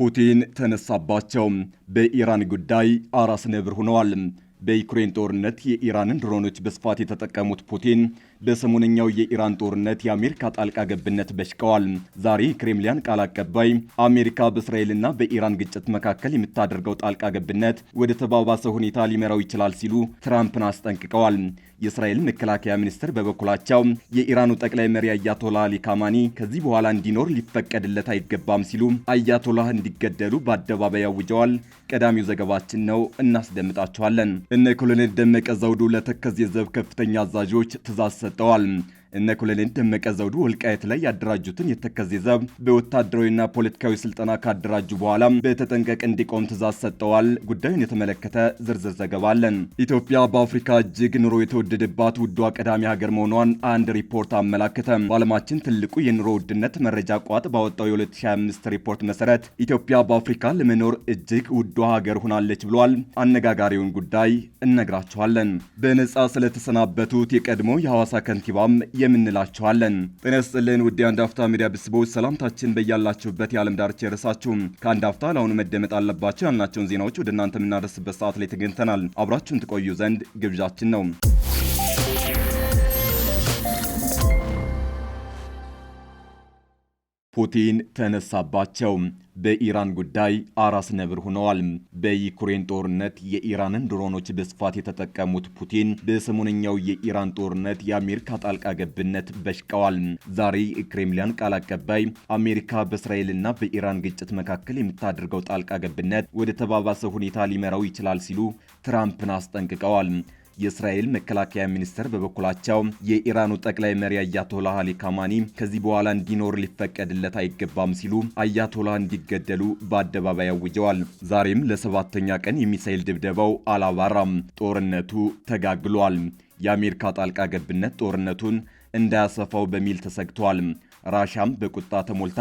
ፑቲን ተነሳባቸው። በኢራን ጉዳይ አራስ ነብር ሆነዋል። በዩክሬን ጦርነት የኢራንን ድሮኖች በስፋት የተጠቀሙት ፑቲን በሰሞነኛው የኢራን ጦርነት የአሜሪካ ጣልቃ ገብነት በሽቀዋል። ዛሬ ክሬምሊያን ቃል አቀባይ አሜሪካ በእስራኤልና በኢራን ግጭት መካከል የምታደርገው ጣልቃ ገብነት ወደ ተባባሰ ሁኔታ ሊመራው ይችላል ሲሉ ትራምፕን አስጠንቅቀዋል። የእስራኤል መከላከያ ሚኒስትር በበኩላቸው የኢራኑ ጠቅላይ መሪ አያቶላህ አሊ ካማኒ ከዚህ በኋላ እንዲኖር ሊፈቀድለት አይገባም ሲሉ አያቶላህ እንዲገደሉ በአደባባይ አውጀዋል። ቀዳሚው ዘገባችን ነው፣ እናስደምጣችኋለን። እነ ኮሎኔል ደመቀ ዘውዱ ለተከዜ ዘብ ከፍተኛ አዛዦች ትእዛዝ ...de todo al... እነ ኮሎኔል ደመቀ ዘውዱ ወልቃየት ላይ ያደራጁትን የተከዜ ዘብ በወታደራዊና ፖለቲካዊ ስልጠና ካደራጁ በኋላ በተጠንቀቅ እንዲቆም ትእዛዝ ሰጠዋል። ጉዳዩን የተመለከተ ዝርዝር ዘገባ አለን። ኢትዮጵያ በአፍሪካ እጅግ ኑሮ የተወደደባት ውዷ ቀዳሚ ሀገር መሆኗን አንድ ሪፖርት አመላክተ። በዓለማችን ትልቁ የኑሮ ውድነት መረጃ ቋት ባወጣው የ2025 ሪፖርት መሰረት ኢትዮጵያ በአፍሪካ ለመኖር እጅግ ውዷ ሀገር ሆናለች ብሏል። አነጋጋሪውን ጉዳይ እነግራችኋለን። በነጻ ስለተሰናበቱት የቀድሞ የሐዋሳ ከንቲባም የምንላችኋለን። ጤና ይስጥልን ውድ የአንድ አፍታ ሚዲያ ቤተሰቦች ሰላምታችን በያላችሁበት የዓለም ዳርቻ የረሳችሁ ከአንድ አፍታ ለአሁኑ መደመጥ አለባቸው ያልናቸውን ዜናዎች ወደ እናንተ የምናደርስበት ሰዓት ላይ ተገኝተናል። አብራችሁን ትቆዩ ዘንድ ግብዣችን ነው። ፑቲን ተነሳባቸው። በኢራን ጉዳይ አራስ ነብር ሆነዋል። በዩክሬን ጦርነት የኢራንን ድሮኖች በስፋት የተጠቀሙት ፑቲን በሰሞነኛው የኢራን ጦርነት የአሜሪካ ጣልቃ ገብነት በሽቀዋል። ዛሬ ክሬምሊያን ቃል አቀባይ አሜሪካ በእስራኤልና በኢራን ግጭት መካከል የምታደርገው ጣልቃ ገብነት ወደ ተባባሰ ሁኔታ ሊመራው ይችላል ሲሉ ትራምፕን አስጠንቅቀዋል። የእስራኤል መከላከያ ሚኒስቴር በበኩላቸው የኢራኑ ጠቅላይ መሪ አያቶላህ አሊ ካማኒ ከዚህ በኋላ እንዲኖር ሊፈቀድለት አይገባም ሲሉ አያቶላህ እንዲገደሉ በአደባባይ አውጀዋል። ዛሬም ለሰባተኛ ቀን የሚሳኤል ድብደባው አላባራም። ጦርነቱ ተጋግሏል። የአሜሪካ ጣልቃ ገብነት ጦርነቱን እንዳያሰፋው በሚል ተሰግቷል። ራሻም በቁጣ ተሞልታ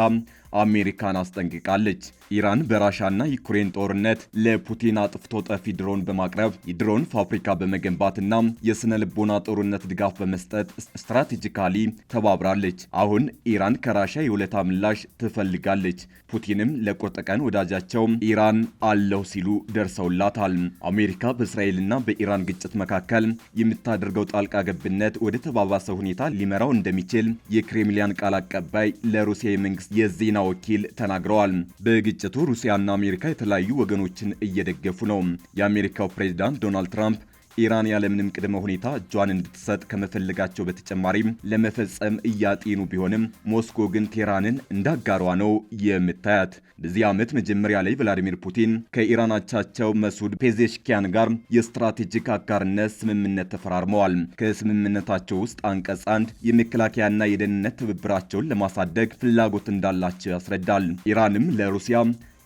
አሜሪካን አስጠንቅቃለች። ኢራን በራሻና ዩክሬን ጦርነት ለፑቲን አጥፍቶ ጠፊ ድሮን በማቅረብ የድሮን ፋብሪካ በመገንባትና የስነ ልቦና ጦርነት ድጋፍ በመስጠት ስትራቴጂካሊ ተባብራለች። አሁን ኢራን ከራሻ የውለታ ምላሽ ትፈልጋለች። ፑቲንም ለቁርጥ ቀን ወዳጃቸው ኢራን አለሁ ሲሉ ደርሰውላታል። አሜሪካ በእስራኤልና በኢራን ግጭት መካከል የምታደርገው ጣልቃ ገብነት ወደ ተባባሰ ሁኔታ ሊመራው እንደሚችል የክሬምሊያን ቃል አቀባይ ለሩሲያ የመንግስት የዜና ወኪል ተናግረዋል። በግጭቱ ሩሲያና አሜሪካ የተለያዩ ወገኖችን እየደገፉ ነው። የአሜሪካው ፕሬዚዳንት ዶናልድ ትራምፕ ኢራን ያለምንም ቅድመ ሁኔታ እጇን እንድትሰጥ ከመፈለጋቸው በተጨማሪም ለመፈጸም እያጤኑ ቢሆንም ሞስኮ ግን ቴህራንን እንዳጋሯ ነው የምታያት። በዚህ ዓመት መጀመሪያ ላይ ቭላዲሚር ፑቲን ከኢራን አቻቸው መሱድ ፔዜሽኪያን ጋር የስትራቴጂክ አጋርነት ስምምነት ተፈራርመዋል። ከስምምነታቸው ውስጥ አንቀጽ አንድ የመከላከያና የደህንነት ትብብራቸውን ለማሳደግ ፍላጎት እንዳላቸው ያስረዳል። ኢራንም ለሩሲያ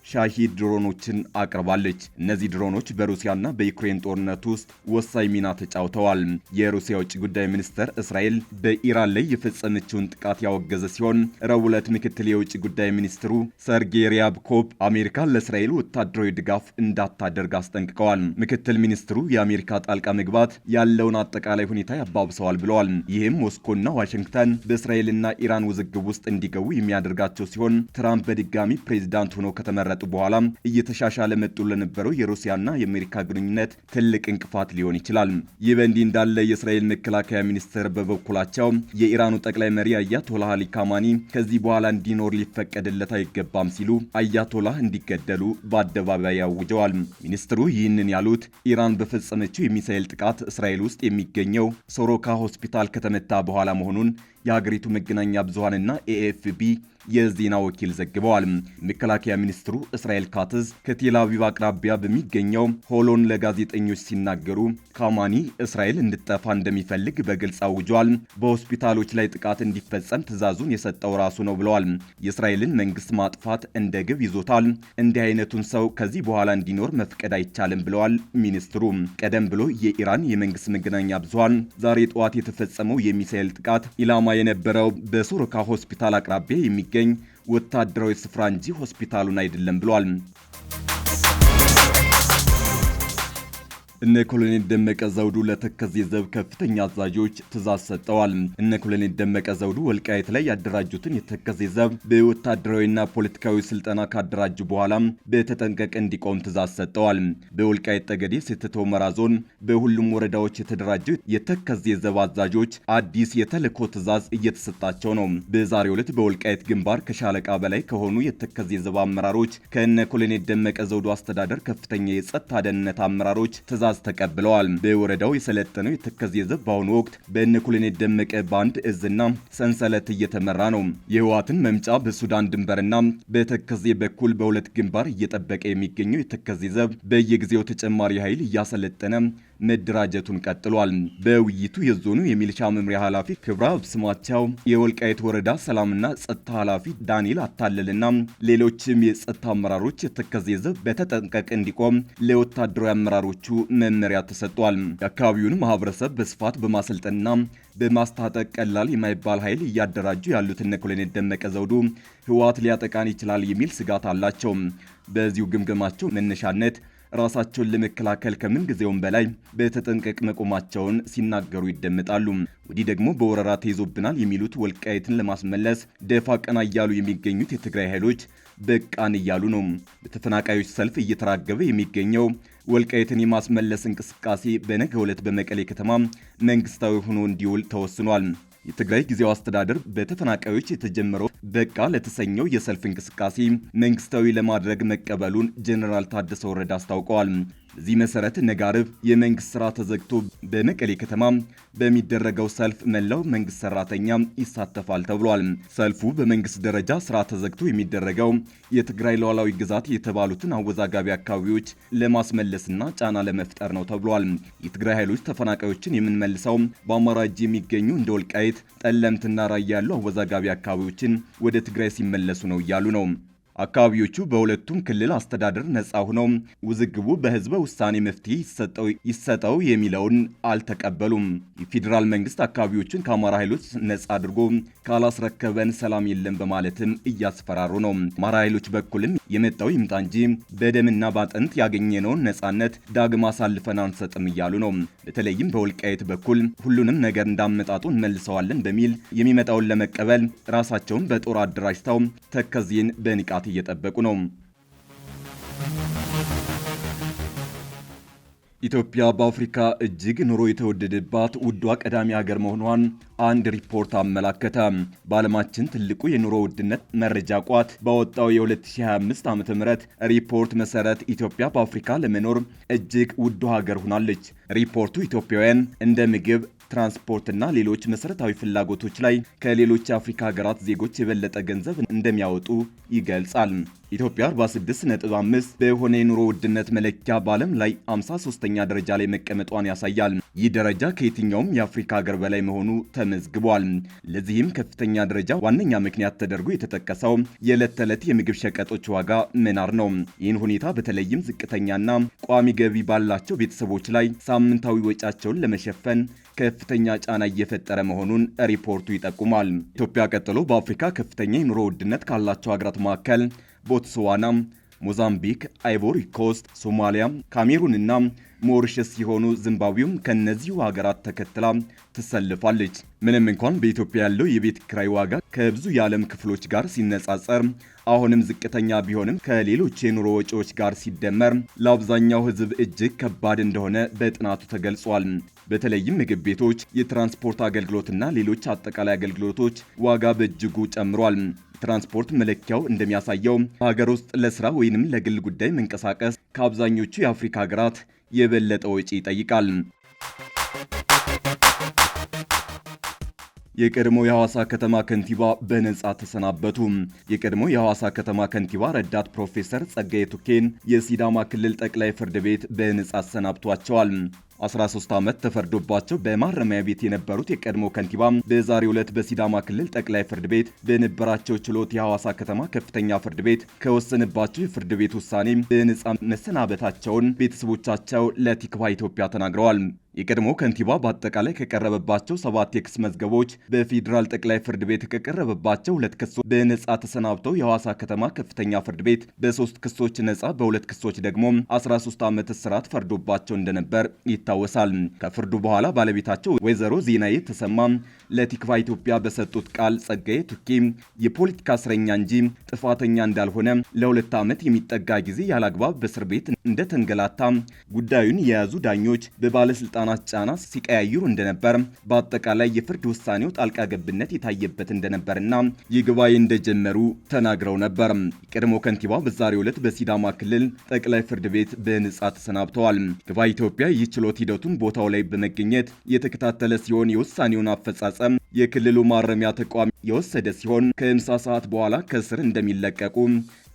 ሻሂድ ድሮኖችን አቅርባለች። እነዚህ ድሮኖች በሩሲያና በዩክሬን ጦርነት ውስጥ ወሳኝ ሚና ተጫውተዋል። የሩሲያ የውጭ ጉዳይ ሚኒስተር እስራኤል በኢራን ላይ የፈጸመችውን ጥቃት ያወገዘ ሲሆን ረቡዕ ዕለት ምክትል የውጭ ጉዳይ ሚኒስትሩ ሰርጌይ ሪያብኮቭ አሜሪካ ለእስራኤል ወታደራዊ ድጋፍ እንዳታደርግ አስጠንቅቀዋል። ምክትል ሚኒስትሩ የአሜሪካ ጣልቃ መግባት ያለውን አጠቃላይ ሁኔታ ያባብሰዋል ብለዋል። ይህም ሞስኮና ዋሽንግተን በእስራኤልና ኢራን ውዝግብ ውስጥ እንዲገቡ የሚያደርጋቸው ሲሆን ትራምፕ በድጋሚ ፕሬዚዳንት ሆኖ ከተመረጠ ከመጡ በኋላ እየተሻሻለ መጡ ለነበረው የሩሲያና የአሜሪካ ግንኙነት ትልቅ እንቅፋት ሊሆን ይችላል። ይህ በእንዲህ እንዳለ የእስራኤል መከላከያ ሚኒስትር በበኩላቸው የኢራኑ ጠቅላይ መሪ አያቶላህ አሊ ካማኒ ከዚህ በኋላ እንዲኖር ሊፈቀድለት አይገባም ሲሉ አያቶላህ እንዲገደሉ በአደባባይ አውጀዋል። ሚኒስትሩ ይህንን ያሉት ኢራን በፈጸመችው የሚሳኤል ጥቃት እስራኤል ውስጥ የሚገኘው ሶሮካ ሆስፒታል ከተመታ በኋላ መሆኑን የሀገሪቱ መገናኛ ብዙሃንና ኤኤፍቢ የዜና ወኪል ዘግበዋል። መከላከያ ሚኒስትሩ እስራኤል ካትዝ ከቴላቪቭ አቅራቢያ በሚገኘው ሆሎን ለጋዜጠኞች ሲናገሩ ካማኒ እስራኤል እንድጠፋ እንደሚፈልግ በግልጽ አውጇል። በሆስፒታሎች ላይ ጥቃት እንዲፈጸም ትዕዛዙን የሰጠው ራሱ ነው ብለዋል። የእስራኤልን መንግስት ማጥፋት እንደ ግብ ይዞታል። እንዲህ አይነቱን ሰው ከዚህ በኋላ እንዲኖር መፍቀድ አይቻልም ብለዋል ሚኒስትሩ። ቀደም ብሎ የኢራን የመንግስት መገናኛ ብዙሃን ዛሬ ጠዋት የተፈጸመው የሚሳኤል ጥቃት ኢላማ የነበረው በሱርካ ሆስፒታል አቅራቢያ የሚገ የሚገኝ ወታደራዊ ስፍራ እንጂ ሆስፒታሉን አይደለም ብሏል። እነ ኮሎኔል ደመቀ ዘውዱ ለተከዜ ዘብ ከፍተኛ አዛዦች ትእዛዝ ሰጠዋል። እነ ኮሎኔል ደመቀ ዘውዱ ወልቃይት ላይ ያደራጁትን የተከዜ ዘብ በወታደራዊና ፖለቲካዊ ስልጠና ካደራጁ በኋላ በተጠንቀቅ እንዲቆም ትእዛዝ ሰጠዋል። በወልቃይት ጠገዴ ሰቲት ሁመራ ዞን በሁሉም ወረዳዎች የተደራጀ የተከዜ ዘብ አዛዦች አዲስ የተልእኮ ትእዛዝ እየተሰጣቸው ነው። በዛሬው ዕለት በወልቃይት ግንባር ከሻለቃ በላይ ከሆኑ የተከዜ ዘብ አመራሮች ከእነ ኮሎኔል ደመቀ ዘውዱ አስተዳደር ከፍተኛ የጸጥታ ደህንነት አመራሮች ትእዛዝ ትዕዛዝ ተቀብለዋል። በወረዳው የሰለጠነው የተከዜ ዘብ በአሁኑ ወቅት በእነ ኮሎኔል ደመቀ ባንድ እዝና ሰንሰለት እየተመራ ነው። የህወሓትን መምጫ በሱዳን ድንበርና በተከዜ በኩል በሁለት ግንባር እየጠበቀ የሚገኘው የተከዜ ዘብ በየጊዜው ተጨማሪ ኃይል እያሰለጠነ መደራጀቱን ቀጥሏል። በውይይቱ የዞኑ የሚሊሻ መምሪያ ኃላፊ ክብረ አብ ስማቸው፣ የወልቃይት ወረዳ ሰላምና ጸጥታ ኃላፊ ዳንኤል አታለልና ሌሎችም የጸጥታ አመራሮች የተከዜ ዘብ በተጠንቀቅ እንዲቆም ለወታደራዊ አመራሮቹ መመሪያ ተሰጥቷል። የአካባቢውን ማህበረሰብ በስፋት በማሰልጠንና በማስታጠቅ ቀላል የማይባል ኃይል እያደራጁ ያሉት እነ ኮሎኔል ደመቀ ዘውዱ ህወሓት ሊያጠቃን ይችላል የሚል ስጋት አላቸው። በዚሁ ግምገማቸው መነሻነት ራሳቸውን ለመከላከል ከምንጊዜውም በላይ በተጠንቀቅ መቆማቸውን ሲናገሩ ይደመጣሉ። ወዲህ ደግሞ በወረራ ተይዞብናል የሚሉት ወልቃይትን ለማስመለስ ደፋ ቀና እያሉ የሚገኙት የትግራይ ኃይሎች በቃን እያሉ ነው። በተፈናቃዮች ሰልፍ እየተራገበ የሚገኘው ወልቃይትን የማስመለስ እንቅስቃሴ በነገ ዕለት በመቀሌ ከተማ መንግስታዊ ሆኖ እንዲውል ተወስኗል። የትግራይ ጊዜው አስተዳደር በተፈናቃዮች የተጀመረው በቃ ለተሰኘው የሰልፍ እንቅስቃሴ መንግስታዊ ለማድረግ መቀበሉን ጀኔራል ታደሰ ወረደ አስታውቀዋል። በዚህ መሰረት ነጋርብ የመንግስት ስራ ተዘግቶ በመቀሌ ከተማ በሚደረገው ሰልፍ መላው መንግስት ሰራተኛ ይሳተፋል ተብሏል። ሰልፉ በመንግስት ደረጃ ስራ ተዘግቶ የሚደረገው የትግራይ ሉዓላዊ ግዛት የተባሉትን አወዛጋቢ አካባቢዎች ለማስመለስና ጫና ለመፍጠር ነው ተብሏል። የትግራይ ኃይሎች ተፈናቃዮችን የምንመልሰው በአማራ እጅ የሚገኙ እንደ ወልቃይት፣ ጠለምትና ራያ ያሉ አወዛጋቢ አካባቢዎችን ወደ ትግራይ ሲመለሱ ነው እያሉ ነው። አካባቢዎቹ በሁለቱም ክልል አስተዳደር ነፃ ሆነው ውዝግቡ በህዝበ ውሳኔ መፍትሄ ይሰጠው የሚለውን አልተቀበሉም። የፌዴራል መንግስት አካባቢዎቹን ከአማራ ኃይሎች ነጻ አድርጎ ካላስረከበን ሰላም የለም በማለትም እያስፈራሩ ነው። አማራ ኃይሎች በኩልም የመጣው ይምጣ እንጂ በደምና ያገኘ ያገኘነውን ነፃነት ዳግም አሳልፈን አንሰጥም እያሉ ነው። በተለይም በወልቃየት በኩል ሁሉንም ነገር እንዳመጣጡ እንመልሰዋለን በሚል የሚመጣውን ለመቀበል ራሳቸውን በጦር አደራጅተው ተከዜን በንቃት እየጠበቁ ነው። ኢትዮጵያ በአፍሪካ እጅግ ኑሮ የተወደደባት ውዷ ቀዳሚ ሀገር መሆኗን አንድ ሪፖርት አመላከተ። በዓለማችን ትልቁ የኑሮ ውድነት መረጃ ቋት ባወጣው የ2025 ዓ ም ሪፖርት መሰረት ኢትዮጵያ በአፍሪካ ለመኖር እጅግ ውዷ ሀገር ሆናለች። ሪፖርቱ ኢትዮጵያውያን እንደ ምግብ፣ ትራንስፖርትና ሌሎች መሰረታዊ ፍላጎቶች ላይ ከሌሎች የአፍሪካ ሀገራት ዜጎች የበለጠ ገንዘብ እንደሚያወጡ ይገልጻል። ኢትዮጵያ 46.5 በሆነ የኑሮ ውድነት መለኪያ በዓለም ላይ 53ኛ ደረጃ ላይ መቀመጧን ያሳያል። ይህ ደረጃ ከየትኛውም የአፍሪካ ሀገር በላይ መሆኑ ተመዝግቧል። ለዚህም ከፍተኛ ደረጃ ዋነኛ ምክንያት ተደርጎ የተጠቀሰው የዕለት ተዕለት የምግብ ሸቀጦች ዋጋ መናር ነው። ይህን ሁኔታ በተለይም ዝቅተኛና ቋሚ ገቢ ባላቸው ቤተሰቦች ላይ ሳምንታዊ ወጫቸውን ለመሸፈን ከፍተኛ ጫና እየፈጠረ መሆኑን ሪፖርቱ ይጠቁማል። ኢትዮጵያ ቀጥሎ በአፍሪካ ከፍተኛ የኑሮ ውድነት ካላቸው ሀገራት መካከል ቦትስዋና፣ ሞዛምቢክ፣ አይቮሪ ኮስት፣ ሶማሊያ፣ ካሜሩንና ሞሪሸስ ሲሆኑ ዚምባብዌም ከእነዚሁ ሀገራት ተከትላ ትሰልፋለች። ምንም እንኳን በኢትዮጵያ ያለው የቤት ክራይ ዋጋ ከብዙ የዓለም ክፍሎች ጋር ሲነጻጸር አሁንም ዝቅተኛ ቢሆንም ከሌሎች የኑሮ ወጪዎች ጋር ሲደመር ለአብዛኛው ሕዝብ እጅግ ከባድ እንደሆነ በጥናቱ ተገልጿል። በተለይም ምግብ ቤቶች፣ የትራንስፖርት አገልግሎትና ሌሎች አጠቃላይ አገልግሎቶች ዋጋ በእጅጉ ጨምሯል። ትራንስፖርት መለኪያው እንደሚያሳየው በሀገር ውስጥ ለስራ ወይንም ለግል ጉዳይ መንቀሳቀስ ከአብዛኞቹ የአፍሪካ ሀገራት የበለጠ ወጪ ይጠይቃል። የቀድሞ የሐዋሳ ከተማ ከንቲባ በነጻ ተሰናበቱ። የቀድሞ የሐዋሳ ከተማ ከንቲባ ረዳት ፕሮፌሰር ጸጋዬ ቱኬን የሲዳማ ክልል ጠቅላይ ፍርድ ቤት በነጻ አሰናብቷቸዋል። 13 ዓመት ተፈርዶባቸው በማረሚያ ቤት የነበሩት የቀድሞ ከንቲባ በዛሬው ዕለት በሲዳማ ክልል ጠቅላይ ፍርድ ቤት በነበራቸው ችሎት የሐዋሳ ከተማ ከፍተኛ ፍርድ ቤት ከወሰነባቸው የፍርድ ቤት ውሳኔ በነጻ መሰናበታቸውን ቤተሰቦቻቸው ለቲክቫ ኢትዮጵያ ተናግረዋል። የቀድሞ ከንቲባ በአጠቃላይ ከቀረበባቸው ሰባት የክስ መዝገቦች በፌዴራል ጠቅላይ ፍርድ ቤት ከቀረበባቸው ሁለት ክሶች በነጻ ተሰናብተው የሐዋሳ ከተማ ከፍተኛ ፍርድ ቤት በሶስት ክሶች ነጻ በሁለት ክሶች ደግሞ 13 ዓመት እስራት ፈርዶባቸው እንደነበር ይታወሳል። ከፍርዱ በኋላ ባለቤታቸው ወይዘሮ ዜናዬ ተሰማ ለቲክቫ ኢትዮጵያ በሰጡት ቃል ጸጋዬ ቱኪ የፖለቲካ እስረኛ እንጂ ጥፋተኛ እንዳልሆነ ለሁለት ዓመት የሚጠጋ ጊዜ ያላግባብ በእስር ቤት እንደተንገላታ፣ ጉዳዩን የያዙ ዳኞች በባለስልጣናት ጫና ሲቀያይሩ እንደነበር፣ በአጠቃላይ የፍርድ ውሳኔው ጣልቃ ገብነት የታየበት እንደነበርና ይግባይ እንደጀመሩ ተናግረው ነበር። የቀድሞ ከንቲባ በዛሬው ዕለት በሲዳማ ክልል ጠቅላይ ፍርድ ቤት በነጻ ተሰናብተዋል። ግባ ኢትዮጵያ ይችሎት ሂደቱን ቦታው ላይ በመገኘት የተከታተለ ሲሆን የውሳኔውን አፈጻጸም የክልሉ ማረሚያ ተቋም የወሰደ ሲሆን ከ50 ሰዓት በኋላ ከእስር እንደሚለቀቁ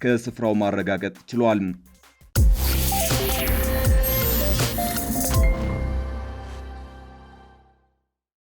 ከስፍራው ማረጋገጥ ችሏል።